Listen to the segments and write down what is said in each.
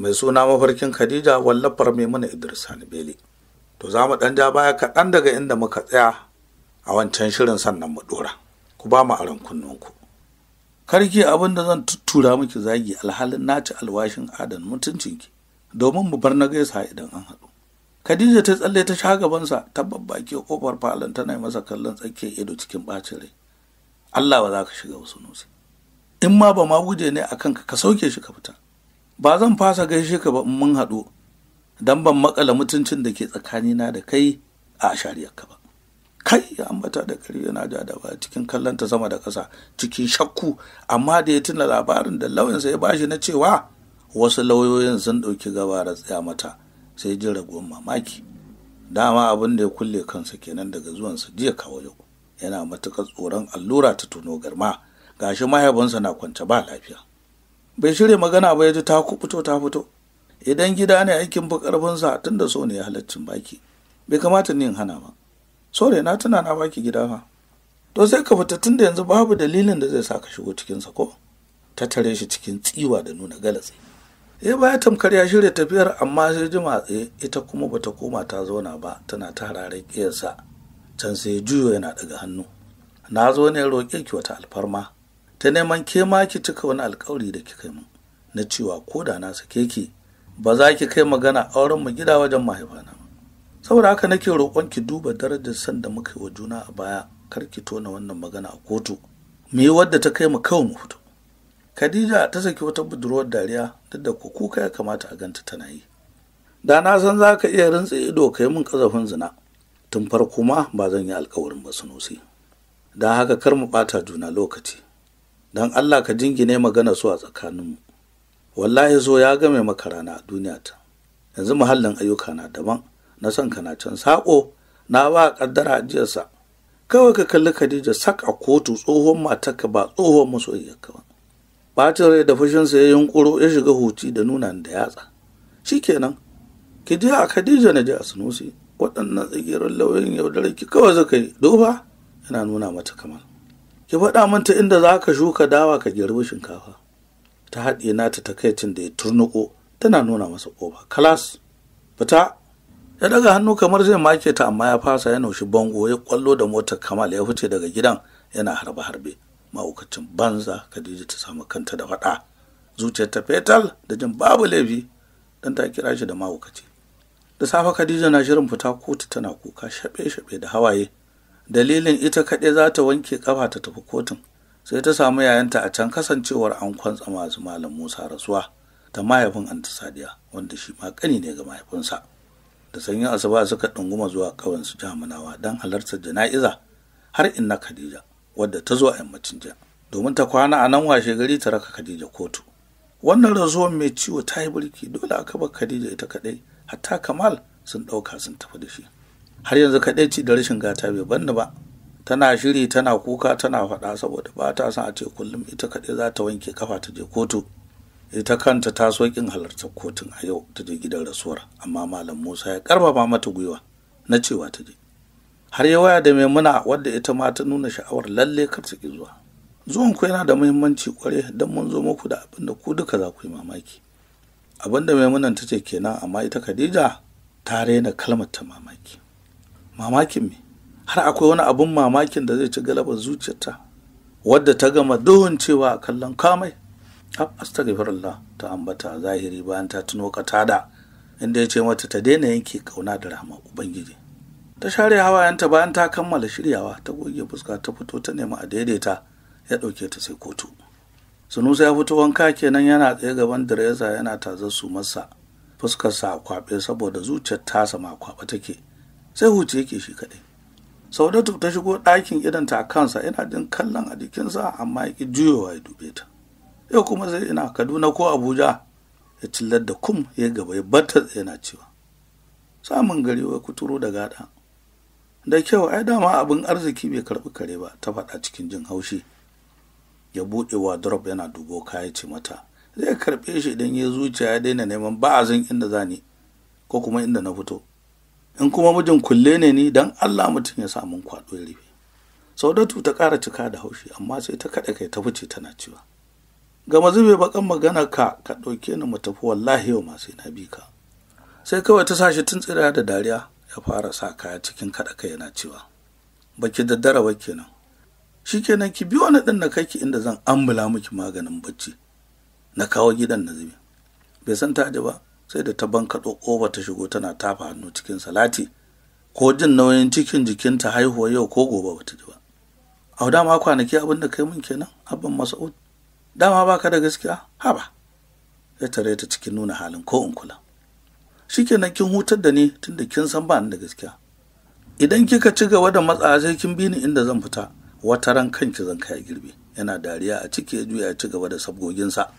mai suna mafarkin khadija wallafar maimuna idris beli to za mu ɗan ja baya kaɗan daga inda muka tsaya a wancan shirin sannan mu ɗora ku ba mu aron kunninku karki abin da zan tuttura miki zagi alhalin naci alwashin adan mutuncinki domin mu bar na gaisa idan an haɗu Khadija ta tsalle ta sha gabansa ta babbake kofar falon tana masa kallon tsakiyar ido cikin ɓacin rai. Allah ba za ka shiga wasu nutsi In ma ba ma guje ne a kanka ka sauke shi ka fita. ba zan fasa gaishe ka ba mun haɗu don ban makala mutuncin da ke tsakanina da kai a ka ba kai ya ambata da kare yana ja da baya cikin kallonta sama da ƙasa cikin shakku amma da ya tuna labarin da lauyansa ya shi na cewa wasu lauyoyin sun ɗauki gaba da tsaya mata sai jin raguwar mamaki dama abin da ya kulle kansa kenan daga zuwansa jiya kawo yau yana matuƙar tsoron allura ta tuno garma gashi mahaifinsa na kwance ba lafiya bai shirya magana ba ya ji ta kubuto ta fito idan gida ne aikin fi karfinsa tun da so ne ya halaccin baki bai kamata ni in hana ba sore na tuna na baki gida fa to sai ka fita tun da yanzu babu dalilin da zai sa ka shigo cikinsa ko ta tare shi cikin tsiwa da nuna galatsi ya eh, baya tamkar ya shirya tafiyar amma sai jima tsaye ita kuma bata koma ta zauna ba tana ta harare ƙiyarsa can sai juyo yana daga hannu na zo ne roƙe ki wata alfarma ta neman ke ma ki cika wani alkawari da kika yi na cewa ko da na sake ki ba za ki kai magana auren mu gida wajen mahaifana saboda haka nake roƙon ki duba darajar san da muka yi wa juna a baya kar ki tona wannan magana a kotu mu yi wadda ta kai mu kawai mu fito Khadija ta saki wata budurwar dariya duk da kuka ya kamata a ganta tana yi da na san za ka iya rintse ido kai mun kazafin zina tun farko ma ba zan yi alkawarin ba sunusi Da haka kar mu ɓata juna lokaci don Allah ka jingine magana su a tsakaninmu wallahi so ya game maka rana a duniya ta yanzu muhallin ayyuka na daban na son ka na can saƙo na ba ƙaddara ajiyarsa kawai ka kalli Khadija sak a kotu tsohon matarka ba tsohon masoyiyarka ba bacin rai da fushinsa ya yunkuro ya shiga huci da nuna da yatsa shikenan ki je a Khadija na ji a Sunusi waɗannan tsigirin lauyoyin yaudarar ki kawai zaka yi duba yana nuna mata kamar ki faɗa min ta inda za ka shuka dawa ka girbi shinkafa ta haɗe nata takaicin da ya turnuƙo tana nuna masa ƙofa kalas fita ya daga hannu kamar zai make ta amma ya fasa ya naushi bango ya kwallo da motar kamal ya fice daga gidan yana harbe harbe ma'aukacin banza khadija ta samu kanta da faɗa zuciyar ta fetal da jin babu laifi dan ta kira shi da mahaukaci da safe khadija na shirin fita kotu tana kuka shaɓe-shaɓe da hawaye dalilin ita kaɗai za ta wanke ƙafa ta tafi kotun sai ta samu yayanta a can kasancewar an kwantsa masu malam musa rasuwa ta mahaifin antisadiya wanda shi ma ƙani ne ga mahaifinsa da sanyin asuba suka ɗunguma zuwa ƙawan su jamunawa don halartar jana'iza har inna khadija wadda ta zo a yammacin jiya domin ta kwana a nan washe gari ta raka khadija kotu wannan rasuwan mai ciwo ta yi birki dole aka bar khadija ita kaɗai hatta kamal sun ɗauka sun tafi da shi har yanzu kaɗai ce da rashin gata bai banni ba tana shiri tana kuka tana faɗa saboda ba ta son a ce kullum ita kaɗai za ta wanke kafa ta je kotu ita kanta ta so kin halartar kotun a yau ta je gidan rasuwar amma malam musa ya karfafa mata gwiwa na cewa ta je har ya waya da maimuna wadda ita ma ta nuna sha'awar lalle kar ta ki zuwa zuwan ku yana da muhimmanci kware don mun zo muku da abin da ku duka za ku yi mamaki abin da maimunan ta ce kenan amma ita khadija ta raina kalmar ta mamaki mamakin me har akwai wani abun mamakin da zai ci galabar zuciyarta wadda ta gama duhun cewa a kallon kamai astagfirullah ta ambata zahiri bayan ta tuno katada inda ya ce mata ta daina yanke kauna da rahama ubangiji ta share hawayenta bayan ta kammala shiryawa ta goge fuska ta fito ta nema a daidaita ya ɗauke ta sai kotu sunusa ya fito wanka kenan yana tsaye gaban direza yana tazar su masa fuskarsa a kwaɓe saboda zuciyar tasa ma kwaɓe take sai huce yake shi kaɗai saudatu ta shigo ɗakin idan ta kansa ina jin kallon a jikinsa amma ya ƙi juyowa ya dube ta yau kuma sai ina kaduna ko abuja ya cillar da kum ya gaba ya bata yana cewa samun gari wai turo da gada da kyau ai dama abin arziki bai karɓi kare ba ta faɗa cikin jin haushi ya buɗe drop yana dubo kaya ce mata zai karɓe shi idan ya zuciya ya daina neman ba'azin inda zani ni ko kuma inda na fito in kuma mijin kulle ne ni don Allah mutum ya samu kwaɗo ya rufe saudatu ta ƙara cika da haushi amma sai ta kaɗa kai ta fice tana cewa gama zube bakan magana ka ka ɗauke ni mu tafi wallahi yau masu ina na bi ka sai kawai ta sashi tun tsira da dariya ya fara sa kaya cikin kaɗa kai yana cewa baki daddara ba kenan shi kenan ki biyo wani ɗin na kai ki inda zan ambula miki maganin bacci na kawo gidan na zube bai san ta ba sai da ta ɗauko ba ta shigo tana tafa hannu cikin salati ko jin nauyin cikin jikinta haihuwa yau ko gobe ba ta ji ba a dama kwanaki abin da kai min kenan abin masa'ud dama baka da gaskiya haba ya tare ta cikin nuna halin ko in kula shikenan kin hutar da ni tunda kin san ba ni da gaskiya idan kika ci gaba da matsa sai kin bi ni inda zan fita wata ran kanki zan kai girbi yana dariya a ciki ya juya ya ci gaba da sabgoginsa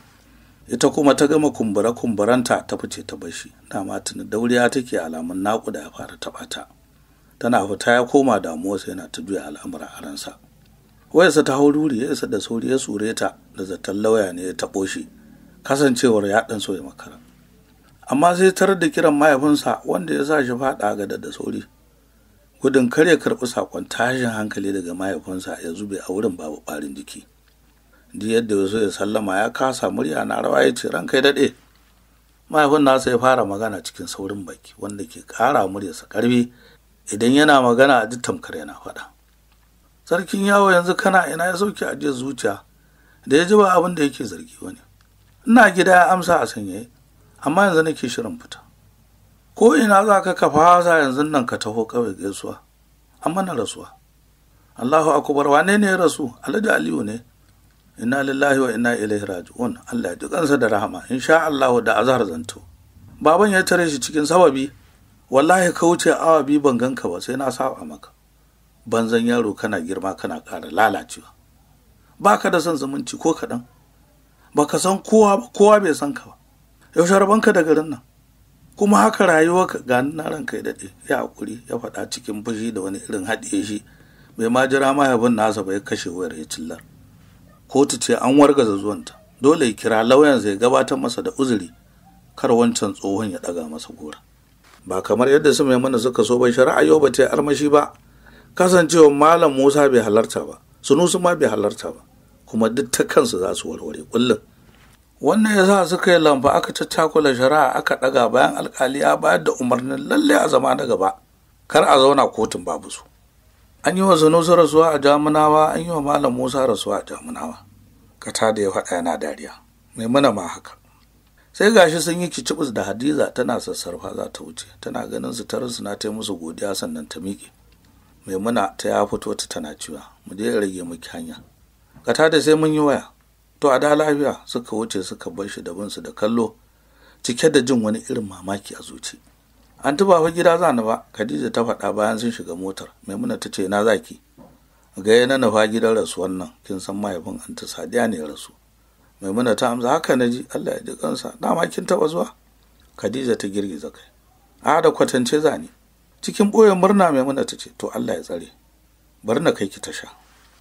ita kuma ta gama kumbura-kumburanta ta fice ta bashi dama tuni dauriya take alamun naƙuda ya fara taba ta tana fita ya koma damuwarsa yana ta juya al'amura a ransa wayarsa ta hau wuri ya isa da sauri ya sure ta da zaton lauya ne ya taɓo shi kasancewar ya dan so makara amma sai tarar da kiran mahaifinsa wanda ya sa shi faɗa gada da sauri gudun karya ya karɓi saƙon tashin hankali daga mahaifinsa ya zube a wurin babu ɓarin jiki ji yadda ya so ya sallama ya kasa murya na rawa ya ce ranka ya daɗe mahaifin nasa ya fara magana cikin saurin baki wanda ke ƙara muryarsa ƙarfi idan yana magana a ji tamkar yana faɗa sarkin yawo yanzu kana ina ya sauke a zuciya da ya ji ba abin da yake zargi wani ina gida ya amsa a sanyaye amma yanzu nake shirin fita ko ina za ka kafa haza yanzu nan ka taho kawai gaisuwa amma na rasuwa Allahu akubar wane ne ya rasu Alhaji Aliyu ne inna lillahi wa inna ilaihi raji'un Allah ya kansa da rahama insha Allah da azhar zanto baban ya tare shi cikin sababi wallahi ka wuce awa bi ban ganka ba sai na saba maka zan yaro kana girma kana ƙara lalacewa baka da son zumunci ko kaɗan baka san kowa ba kowa bai san ka ba yaushe rabanka da garin nan kuma haka rayuwa ka ga na ranka ya daɗe ya hakuri ya faɗa cikin fushi da wani irin haɗiye shi bai ma jira mahaifin nasa ba ya kashe wayar ya cillar kotu ce an wargaza zuwanta dole ya kira lauyan zai gabatar masa da uzuri kar wancan tsohon ya daga masa gora ba kamar yadda su maimuna suka so ba shari'a yau ba ta armashi ba kasancewar malam musa bai halarta ba sunusu ma bai halarta ba kuma duk ta kansu za su warware kullum wannan ya sa suka yi lamba aka tattakula shari'a aka daga bayan alkali ya bayar da umarnin lalle a zama na gaba kar a zauna kotun babu su an yi wa zanusa rasuwa a jamunawa an yi wa malam musa rasuwa a jamunawa kata da ya faɗa yana dariya mai mana ma haka sai gashi sun yi kicibis da hadiza tana sassarfa za ta wuce tana ganin su tarin su na ta musu godiya sannan ta miƙe maimuna ta ya fito ta tana cewa mu je rage miki hanya kata da sai mun yi waya to a da lafiya suka wuce suka bar shi da su da kallo cike da jin wani irin mamaki a zuci an tuba fa gida za ni ba khadija ta faɗa bayan sun shiga motar maimuna ta ce na zaki ga yana na fa gidan rasu wannan kin san mahaifin anta sadiya ne rasu maimuna ta amsa haka na ji allah ya ji kansa dama kin taɓa zuwa khadija ta girgiza kai a da kwatance za ni cikin ɓoye murna maimuna ta ce to allah ya tsare Bar na kai ki tasha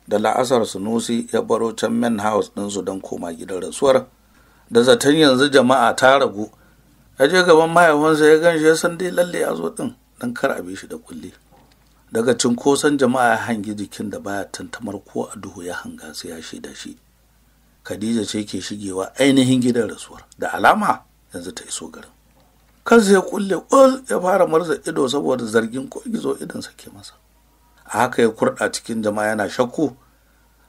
da la'asar su sunusi ya baro can men house su don koma gidan rasuwar da zaton yanzu jama'a ta ragu ya je gaban mahaifinsa ya gan shi ya san dai lalle ya zo din dan kar a bi shi da kulle daga kosan jama'a ya hangi jikin da baya tantamar ko a duhu ya hanga su ya shaida shi khadija ce ke shigewa ainihin gidan rasuwar da alama yanzu ta iso garin kansa ya kulle kul ya fara marza ido saboda zargin ko gizo idonsa ke masa a haka ya kurɗa cikin jama'a yana shakku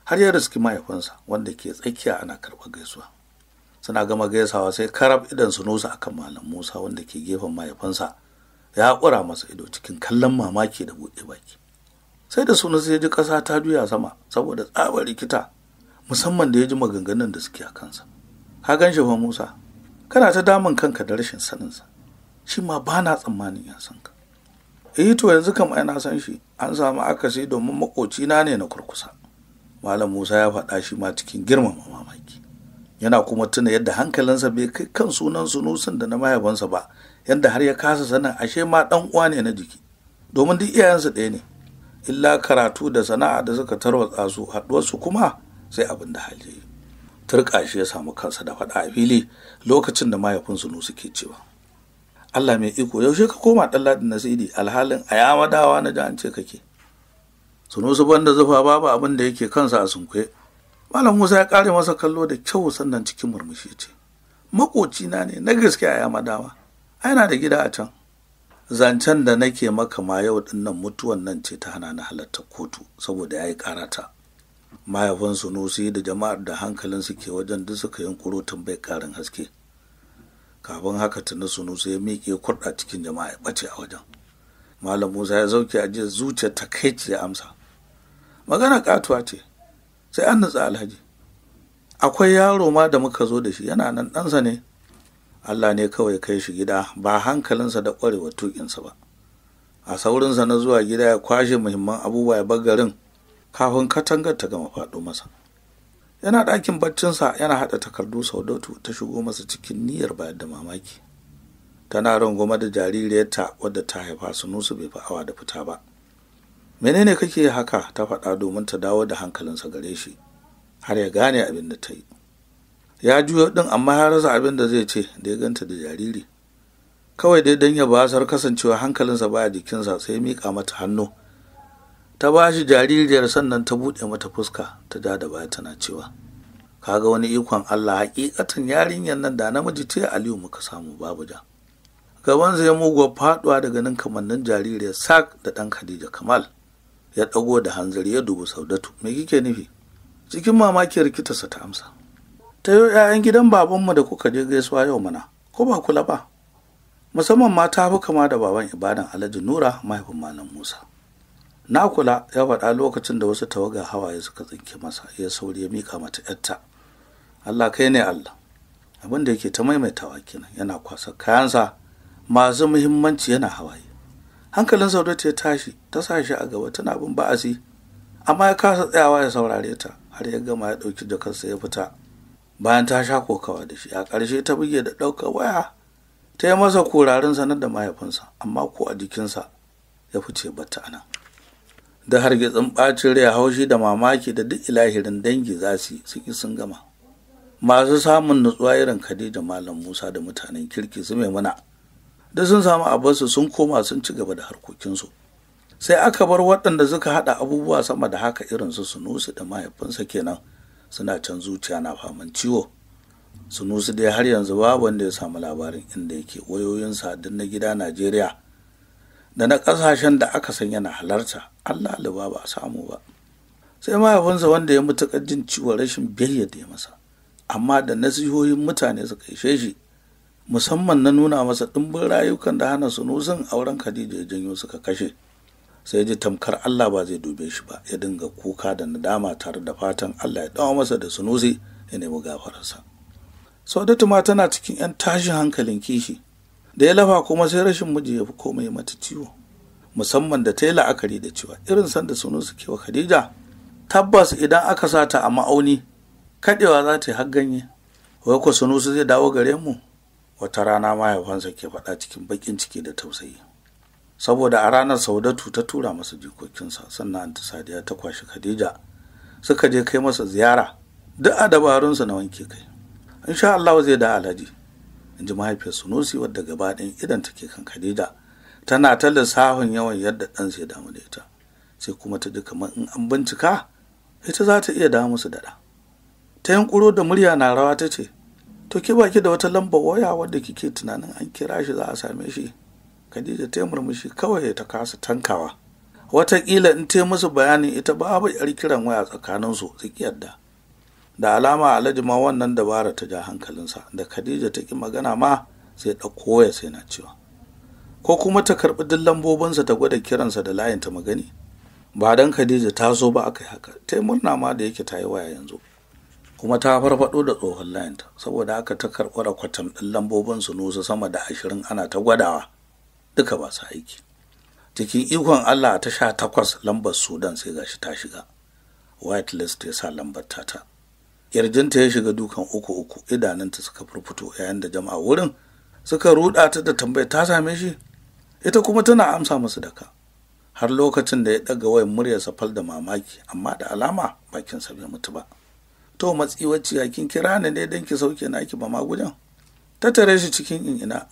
har ya riski mahaifinsa wanda ke tsakiya ana karɓar gaisuwa suna gama gaisawa sai karab idan su nosa akan malam musa wanda ke gefen mahaifinsa ya haƙura masa ido cikin kallon mamaki da buɗe baki sai da suna sai ji ƙasa ta juya sama saboda tsabar rikita musamman da ya ji maganganun da suke a kansa ka gan shi fa musa kana ta damun kanka da rashin saninsa shi ma ba na tsammanin ya san ka eh to yanzu kam ai na san shi an samu akasi domin makocina ne na kurkusa malam musa ya faɗa shi ma cikin girmama mamaki yana kuma tuna yadda hankalinsa bai kai kan sunan sunusun da na mahaifansa ba yadda har ya kasa sanin ashe ma ɗan uwa ne na jiki domin duk iyayensa ɗaya ne illa karatu da sana'a da suka tarwatsa su haɗuwarsu kuma sai abin da hali turka shi ya samu kansa da faɗa a fili lokacin da mahaifin sunusu ke cewa Allah mai iko yaushe ka koma ɗan ladin nasiri alhalin a yamadawa na ji an ce kake ban banda zufa babu abin da yake kansa a sunkuye malam musa ya kare masa kallo da kyau sannan cikin murmushi ce makocina ne na gaskiya ya madawa yana da gida a can zancen da nake maka ma yau dinnan mutuwan nan ce ta hana na halartar kotu saboda ya yi karata mahaifin sunusi da jama'ar da hankalin suke wajen duk suka yunkuro tambayi karin haske kafin haka tuni sunusi ya miƙe kurɗa cikin jama'a ya ɓace a wajen malam musa ya zauke a jiya zuciya ta kai ce amsa magana katuwa ce sai an natsa alhaji akwai yaro ma da muka zo da shi yana nan ɗansa ne allah ne kawai kai shi gida ba hankalinsa da ƙwarewa tuƙinsa ba a saurinsa na zuwa gida ya kwashe muhimman abubuwa ya bar garin kafin katangar ta gama faɗo masa yana ɗakin baccinsa yana haɗa takardu sau saudatu ta shigo masa cikin niyyar bayar da mamaki tana rungume da jaririyarta wadda ta haifa su nusu bai fi awa da fita ba menene kake haka ta faɗa domin ta dawo da hankalinsa gare shi har ya gane abin da ta yi ya juyo ɗin amma ya rasa abin da zai ce da ya ganta da jariri kawai dai don ya basar kasancewa hankalinsa baya jikinsa sai miƙa mata hannu ta ba shi jaririyar sannan ta buɗe mata fuska ta ja da baya tana cewa Ka ga wani ikon Allah hakikatan yarinyar nan da namiji ta ce Aliyu muka samu babu ja gaban zai muguwa faɗuwa daga nan kamannin jaririyar sak da ɗan Khadija Kamal ya ɗago da hanzari ya dubi saudatu me kike nufi cikin mamaki rikitarsa ta amsa ta yi 'ya'yan gidan babanmu da kuka je gaisuwa yau mana ko ba kula ba musamman ma ta fi kama da baban ibadan alhaji nura mahaifin malam musa na kula ya faɗa lokacin da wasu tawaga hawaye suka tsinke masa ya sauri ya mika mata yarta allah kai ne allah abin da yake ta maimaitawa kenan yana kwasa kayansa masu muhimmanci yana hawaye hankalin saudatu ya tashi ta sa shi a gaba tana bin ba'asi amma ya kasa tsayawa ya saurare ta har ya gama ya ɗauki jakarsa ya fita bayan ta sha kokawa da shi a ƙarshe ta buge da ɗaukar waya ta yi masa kurarin sanar da mahaifinsa amma ko a jikinsa ya fice bata nan da hargitsin ɓacin rai haushi da mamaki da duk ilahirin dangi za su suki sun gama masu samun nutsuwa irin khadija malam musa da mutanen kirki su mai muna da sun samu abinsu sun koma sun ci gaba da harkokinsu sai aka bar waɗanda suka haɗa abubuwa sama da haka irin su sunusu da mahaifinsa kenan suna can zuciya na faman ciwo sunusu dai har yanzu babu wanda ya samu labarin inda yake wayoyinsa duk na gida najeriya da na ƙasashen da aka san yana halarta allah liba ba a samu ba sai mahaifinsa wanda ya mutuƙar jin ciwon rashin biyayya da ya masa amma da nasihohin mutane suka ishe shi musamman na nuna masa ɗimbin rayukan da hana sunusun auren khadija ya janyo suka kashe sai ji tamkar allah ba zai dube shi ba ya dinga kuka da nadama tare da fatan allah ya dawo masa da sunusi ya nemi gafararsa saudatu ma tana cikin 'yan tashin hankalin kishi da ya lafa kuma sai rashin miji ya fi komai mata ciwo musamman da ta yi la'akari da cewa irin sanda ke wa khadija tabbas idan aka sata a ma'auni kaɗewa za ta yi har ganye wai ko sunusu zai dawo gare mu wata rana mahaifansa ke faɗa cikin baƙin ciki da tausayi saboda a ranar saudatu ta tura masa jikokinsa sannan anta sadiya ta kwashi khadija suka je kai masa ziyara duk a dabarunsa na wanke kai In sha Allah zai da alhaji in ji mahaifiyar sunusi wadda gaba ɗin idan take kan khadija tana ta lissafin yawan yadda ɗan ya damu da ita sai kuma ta ji kamar in an bincika ita za ta iya damu su daɗa ta yankuro da murya na rawa ta ce to ke baki da wata lamba waya wadda kike tunanin an kira shi za a same shi kadija ta murmushi kawai ta kasa tankawa Wataƙila in ta musu bayanin ita babu yar kiran waya tsakanin su ki yadda da alama alhaji ma wannan dabara ta ja hankalinsa da kadija ta ki magana ma sai ɗauko ya sai na cewa ko kuma ta karɓi duk lambobinsa ta gwada kiransa da layinta magani ba don khadija ta zo ba aka yi haka ta murna ma da yake ta yi waya yanzu kuma ta farfado da tsohon layinta saboda haka ta karɓar kwatam ɗin lambobin su nusa sama da ashirin ana ta gwadawa duka ba su aiki cikin ikon allah ta sha takwas lambar sudan sai gashi ta shiga white list ya sa lambar ta kirjinta ya shiga dukan uku uku idanunta suka furfuto yayin da jama'a wurin suka ruɗa ta da tambaya ta same shi ita kuma tana amsa musu daka har lokacin da ya ɗaga wayan muryarsa fal da mamaki amma da alama bakinsa bai mutu ba to matsi wacce kin kira ni ne don ki sauke ki ba magudan ta tare shi cikin in'ina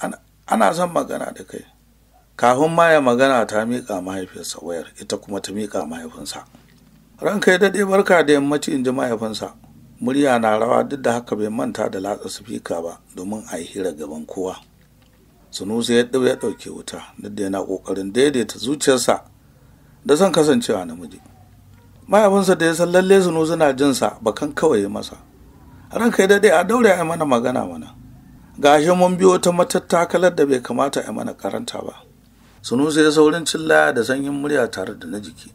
ana son magana da kai kafin ma ya magana ta miƙa mahaifinsa wayar ita kuma ta miƙa mahaifinsa Ran kai daɗe barka da yammaci in ji mahaifinsa murya na rawa duk da haka bai manta da latsa sifika ba domin a yi hira gaban kowa sunusa ya ɗau ya ɗauke wuta duk da yana ƙoƙarin daidaita zuciyarsa da son kasancewa namiji mahaifinsa da ya san lalle su suna jinsa bakan kawai masa ranka daɗe a daure a mana magana mana gashi mun biyo ta matattakalar da bai kamata a mana karanta ba sunusa ya saurin cillaya da sanyin murya tare da na jiki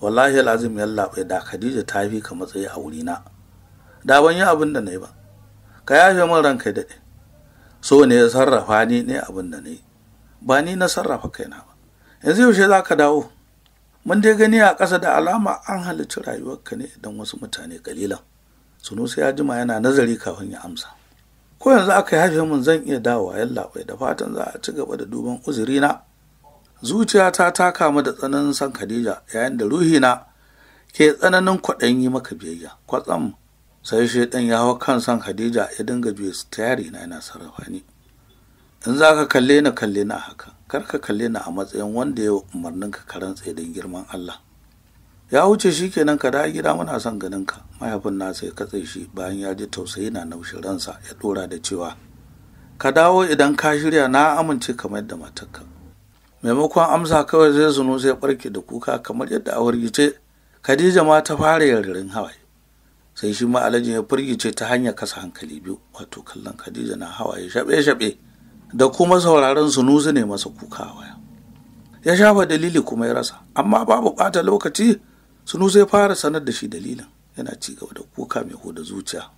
wallahi lazim yalla bai da khadija ta fi ka matsayi a wurina da ban yi abin da na yi ba ka yafe min ranka daɗe so ne ya sarrafa ni ne abin da na yi ba ni na sarrafa kaina ba yanzu yaushe za ka dawo mun dai gani a ƙasa da alama an halicci ka ne don wasu mutane kalilan sunusa ya jima yana nazari kafin ya amsa ko yanzu aka yi haife mun zan iya dawowa yalla bai da fatan za a ci gaba da duban uzurina zuciyata ta kamu da tsananin san khadija yayin da ruhina ke tsananin kwaɗayin yi maka biyayya kwatsam sai shaidan ya hau kan san khadija ya dinga biyu su tayari na yana sarrafa ni in za ka kalle na kalle na haka kar ka kalle ni a matsayin wanda ya umarnin ka karan don girman Allah ya wuce shi kenan ka dawo gida muna son ganin ka mahaifin nasa ya katse shi bayan ya ji tausayi na naushin ransa ya dora da cewa ka dawo idan ka shirya na amince kamar da matarka maimakon amsa kawai zai zunu sai barke da kuka kamar yadda a wargice khadija ma ta fara yarrin hawaye sai shi ma alhaji ya firgice ta hanyar kasa hankali biyu wato kallon khadija na hawaye shabe-shabe. da kuma sauraron sunuzu ne masa kuka waya ya shafa dalili kuma ya rasa amma babu ɓata lokaci sunuzu ya fara sanar da shi dalilin yana ci gaba da kuka mai huda zuciya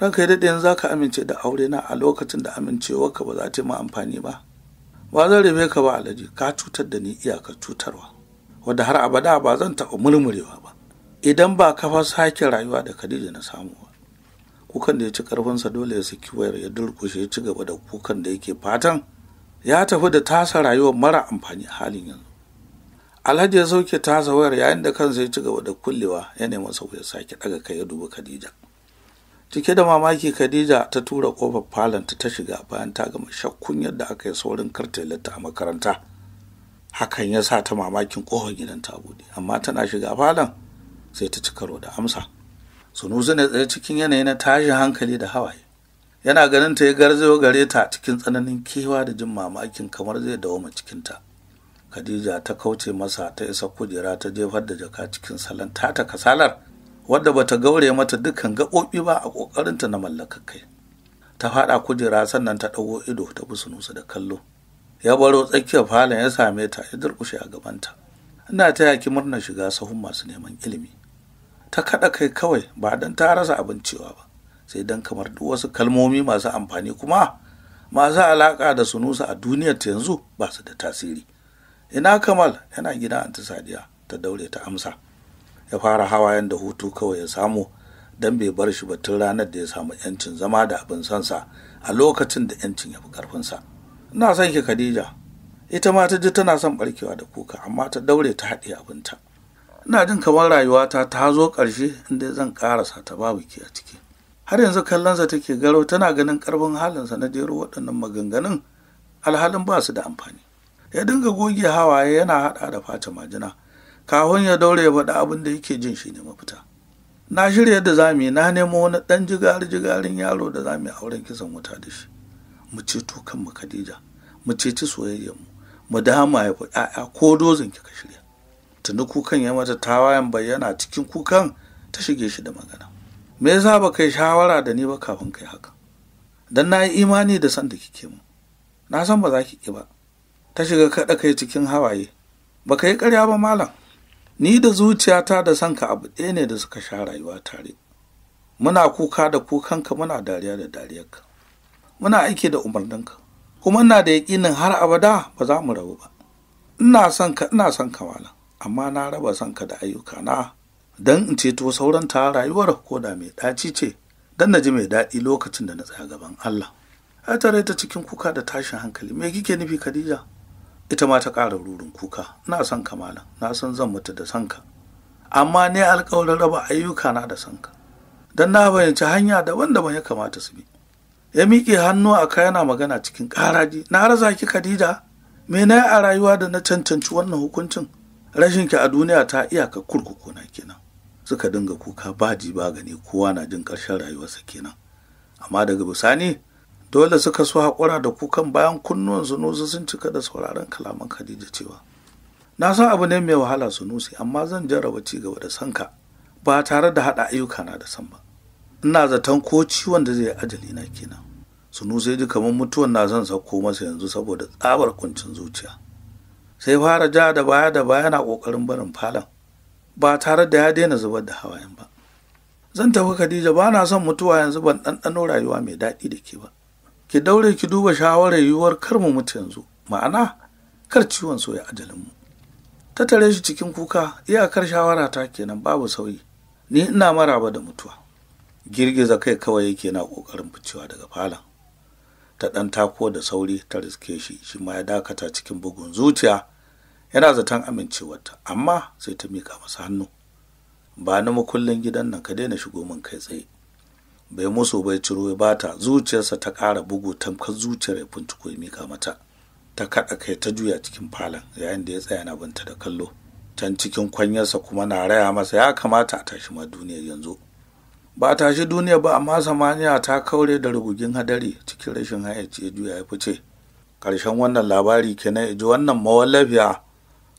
ranka ya daɗe yanzu za ka amince da aure na a lokacin da amincewarka ba za ta yi ma amfani ba ba zan rabe ka ba alhaji ka cutar da ni iyaka cutarwa wadda har abada ba zan taɓa murmurewa ba idan ba kafa sake rayuwa da khadija na samu kukan da ya ci karfinsa dole ya saki wayar ya durkushe ya ci gaba da kukan da yake fatan ya tafi da tasa rayuwa mara amfani a halin yanzu alhaji ya sauke tasa wayar yayin da kansa ya ci gaba da kullewa ya nemi ya sake daga kai ya dubi khadija cike da mamaki khadija ta tura kofar falonta ta shiga bayan ta gama shakkun yadda aka yi saurin kartelarta a makaranta hakan ya sa ta mamakin kofar gidan ta bude amma tana shiga falon sai ta ci karo da amsa sunusu ne tsaye cikin yanayi na tashin hankali da hawaye yana ganin ta yi garzayo gare ta cikin tsananin kewa da jin mamakin kamar zai dawoma cikinta khadija ta kauce masa ta isa kujera ta jefar da jaka cikin salon ta kasalar wadda bata gaure mata dukkan gaɓoɓi ba a ƙoƙarinta na mallakakai. ta faɗa kujera sannan ta ɗago ido ta bi sunusu da kallo ya baro tsakiyar falon ya same ta ya durƙushe a gabanta ina ta yaki murnar shiga sahun masu neman ilimi ta kaɗa kai kawai ba don ta rasa abin cewa ba sai don kamar duk wasu kalmomi masu amfani kuma masu alaƙa da sunusa a duniyar ta yanzu ba su da tasiri ina kamal yana gina anti sadiya ta daure ta amsa ya fara hawayen da hutu kawai ya samu don bai bar shi batun ranar da ya samu yancin zama da abin sansa a lokacin da yancin ya fi karfinsa ina son ki khadija ita ma ta ji tana son barkewa da kuka amma ta daure ta haɗe abinta ina jin kamar rayuwata ta zo ƙarshe inda zan ƙarasa ta babu ki a ciki har yanzu kallonsa take garo tana ganin ƙarfin halinsa na jero waɗannan maganganun alhalin ba su da amfani ya dinga goge hawaye yana haɗa da fata majina Kahun ya daure ya faɗi abin da yake jin shi ne mafita na shirya da zami na nemo wani ɗan jigari-jigarin yaro da zami auren kisan wuta da shi mu ceto kanmu khadija mu ceci soyayyarmu mu dama ya fi 'ya'ya ko dozin ki ka shirya tuni kukan ya mata tawayen bayyana cikin kukan ta shige shi da magana me yasa ba kai shawara da ni ba kafin kai haka dan na yi imani da san da kike mu na san ba za ki ki ba ta shiga kaɗa kai cikin hawaye ba ka yi ƙarya ba malam ni da zuciyata da sanka abu ɗaya ne da suka sha rayuwa tare muna kuka da kukanka muna dariya da dariyarka muna aiki da umarninka kuma ina da yaƙinin har abada ba za mu rabu ba ina son ka ina son ka malam amma na raba sanka da ayyukana don in ceto sauran ta rayuwar koda mai ɗaci ce don na ji mai daɗi lokacin da na tsaya gaban Allah. Ya tare ta cikin kuka da tashin hankali me kike nufi Khadija? Ita ma ta ƙara rurin kuka na son ka malam na san zan mutu da sanka amma ne alƙawarin raba ayyukana da sanka don na bayyanci hanya daban-daban ya kamata su bi. Ya miƙe hannu a yana magana cikin ƙaraji na rasa ki Khadija me na a rayuwa da na cancanci wannan hukuncin rashinki a duniya ta iyaka kurkuku na kenan suka dinga kuka ba ji ba gani kowa na jin ƙarshen rayuwarsa kenan amma daga bisani dole suka so haƙura da kukan bayan kunnuwan nusu sun cika da sauraron kalaman khadija cewa na san abu ne mai wahala su nusi amma zan jarraba ci gaba da sanka ba tare da haɗa ayyuka na da san ba ina zaton ko ciwon da zai ajali na kenan su sunusi ji kamar mutuwan na zan sauko masa yanzu saboda tsabar kuncin zuciya sai fara ja da baya da baya na ƙoƙarin barin falon ba tare da ya daina zubar da hawayen ba zan tafi khadija ba na son mutuwa yanzu ban ɗanɗano rayuwa mai daɗi da ke ba ki daure ki duba shawarar yiwuwar kar mu mutu yanzu ma'ana kar ciwon soya ajalinmu ta tare shi cikin kuka iyakar shawara ta kenan babu sauyi ni ina maraba da mutuwa girgiza kai kawai yake na ƙoƙarin ficewa daga falon ta ɗan tako da sauri ta riske shi shi ma ya dakata cikin bugun zuciya yana zaton amincewarta amma sai ta miƙa masa hannu ba ni makullin gidan nan ka daina shigo min kai tsaye bai musu bai ciro ya bata zuciyarsa ta ƙara bugu tamkar zuciyar ya ko ya miƙa mata ta kaɗa kai ta juya cikin falon yayin da ya tsaya na binta da kallo can cikin kwanyarsa kuma na raya masa ya kamata a tashi ma duniyar yanzu ba a tashi duniya ba amma samaniya ta kaure da rugugin hadari cikin rashin hayaci ya juya ya fice ƙarshen wannan labari kenan ya ji wannan mawallafiya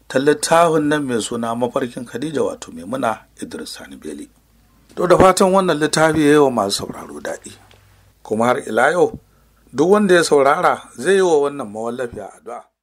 ta littafin nan mai suna mafarkin khadija wato maimuna idris sani beli to da fatan wannan littafi ya yi wa masu sauraro daɗi kuma har ila yau duk wanda ya saurara zai yi wa wannan mawallafiya addu'a